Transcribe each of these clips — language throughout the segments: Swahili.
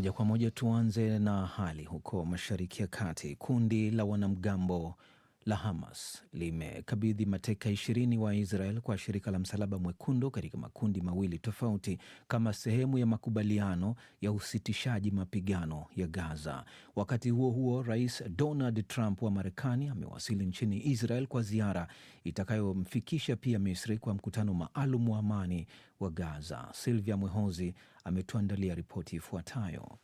Moja kwa moja tuanze na hali huko Mashariki ya Kati. Kundi la wanamgambo la Hamas limekabidhi mateka ishirini wa Israel kwa shirika la Msalaba Mwekundu katika makundi mawili tofauti kama sehemu ya makubaliano ya usitishaji mapigano ya Gaza. Wakati huo huo, Rais Donald Trump wa Marekani amewasili nchini Israel kwa ziara itakayomfikisha pia Misri kwa mkutano maalum wa amani wa Gaza. Silvia Mwehozi ametuandalia ripoti ifuatayo.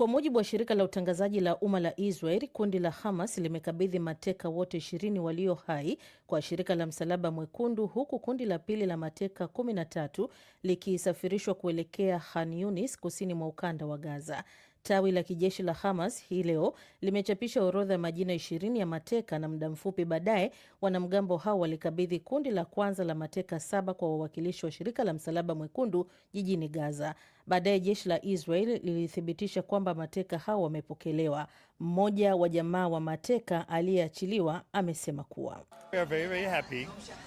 Kwa mujibu wa shirika la utangazaji la umma la Israel, kundi la Hamas limekabidhi mateka wote ishirini walio hai kwa shirika la Msalaba Mwekundu, huku kundi la pili la mateka 13 likisafirishwa kuelekea Khan Yunis, kusini mwa ukanda wa Gaza. Tawi la kijeshi la Hamas hii leo limechapisha orodha ya majina ishirini ya mateka, na muda mfupi baadaye wanamgambo hao walikabidhi kundi la kwanza la mateka saba kwa wawakilishi wa shirika la Msalaba Mwekundu jijini Gaza. Baadaye jeshi la Israel lilithibitisha kwamba mateka hao wamepokelewa. Mmoja wa jamaa wa mateka aliyeachiliwa amesema kuwa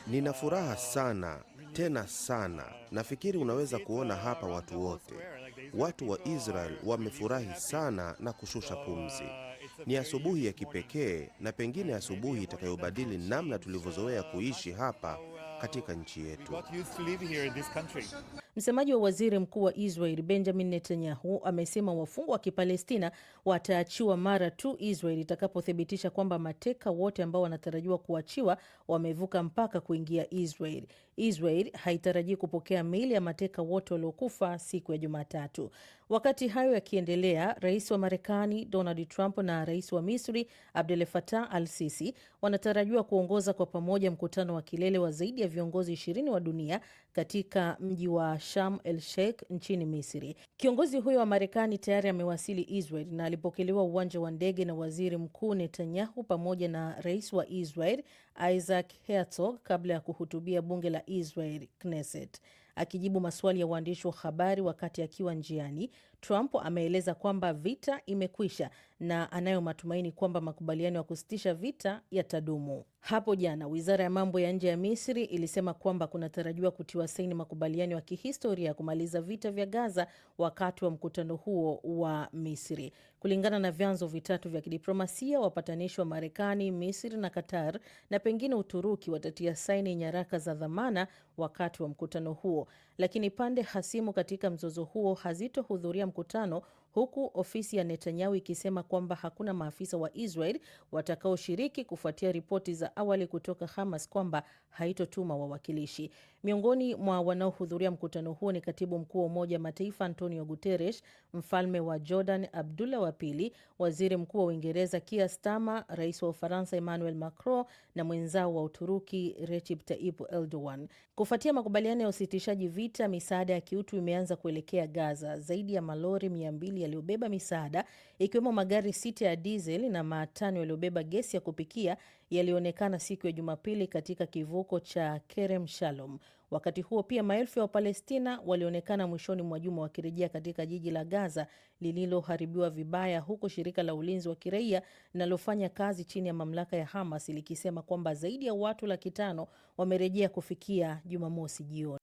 nina furaha sana tena sana. Nafikiri unaweza kuona hapa watu wote, watu wa Israel wamefurahi sana na kushusha pumzi. Ni asubuhi ya kipekee na pengine asubuhi itakayobadili namna tulivyozoea kuishi hapa katika nchi yetu. Msemaji wa waziri mkuu wa Israel Benjamin Netanyahu amesema wafungwa wa Kipalestina wataachiwa mara tu Israel itakapothibitisha kwamba mateka wote ambao wanatarajiwa kuachiwa wamevuka mpaka kuingia Israel. Israel haitarajii kupokea miili ya mateka wote waliokufa siku ya Jumatatu. Wakati hayo yakiendelea, rais wa Marekani Donald Trump na rais wa Misri Abdel Fattah al Sisi wanatarajiwa kuongoza kwa pamoja mkutano wa kilele wa zaidi ya viongozi ishirini wa dunia katika mji wa Sham el Sheikh nchini Misri. Kiongozi huyo wa Marekani tayari amewasili Israel na alipokelewa uwanja wa ndege na waziri mkuu Netanyahu pamoja na rais wa Israel Isaac Herzog kabla ya kuhutubia bunge la Israel Knesset. Akijibu maswali ya waandishi wa habari wakati akiwa njiani, Trump ameeleza kwamba vita imekwisha na anayo matumaini kwamba makubaliano ya kusitisha vita yatadumu. Hapo jana wizara ya mambo ya nje ya Misri ilisema kwamba kunatarajiwa kutiwa saini makubaliano ya kihistoria ya kumaliza vita vya Gaza wakati wa mkutano huo wa Misri. Kulingana na vyanzo vitatu vya kidiplomasia, wapatanishi wa Marekani, Misri na Qatar na pengine Uturuki watatia saini nyaraka za dhamana wakati wa mkutano huo lakini pande hasimu katika mzozo huo hazitohudhuria mkutano huku ofisi ya Netanyahu ikisema kwamba hakuna maafisa wa Israel watakaoshiriki kufuatia ripoti za awali kutoka Hamas kwamba haitotuma wawakilishi. Miongoni mwa wanaohudhuria mkutano huo ni katibu mkuu wa Umoja Mataifa Antonio Guterres, mfalme wa Jordan Abdullah wa pili, waziri mkuu wa Uingereza Keir Starmer, rais wa Ufaransa Emmanuel Macron na mwenzao wa Uturuki Recep Tayyip Erdogan. Kufuatia makubaliano ya usitishaji vita, misaada ya kiutu imeanza kuelekea Gaza. Zaidi ya malori 200 yaliyobeba misaada ikiwemo magari sita ya dizeli na matano yaliyobeba gesi ya kupikia yaliyoonekana siku ya Jumapili katika kivuko cha Kerem Shalom. Wakati huo pia maelfu ya Wapalestina walionekana mwishoni mwa juma wakirejea katika jiji la Gaza lililoharibiwa vibaya, huku shirika la ulinzi wa kiraia linalofanya kazi chini ya mamlaka ya Hamas likisema kwamba zaidi ya watu laki tano wamerejea kufikia Jumamosi jioni.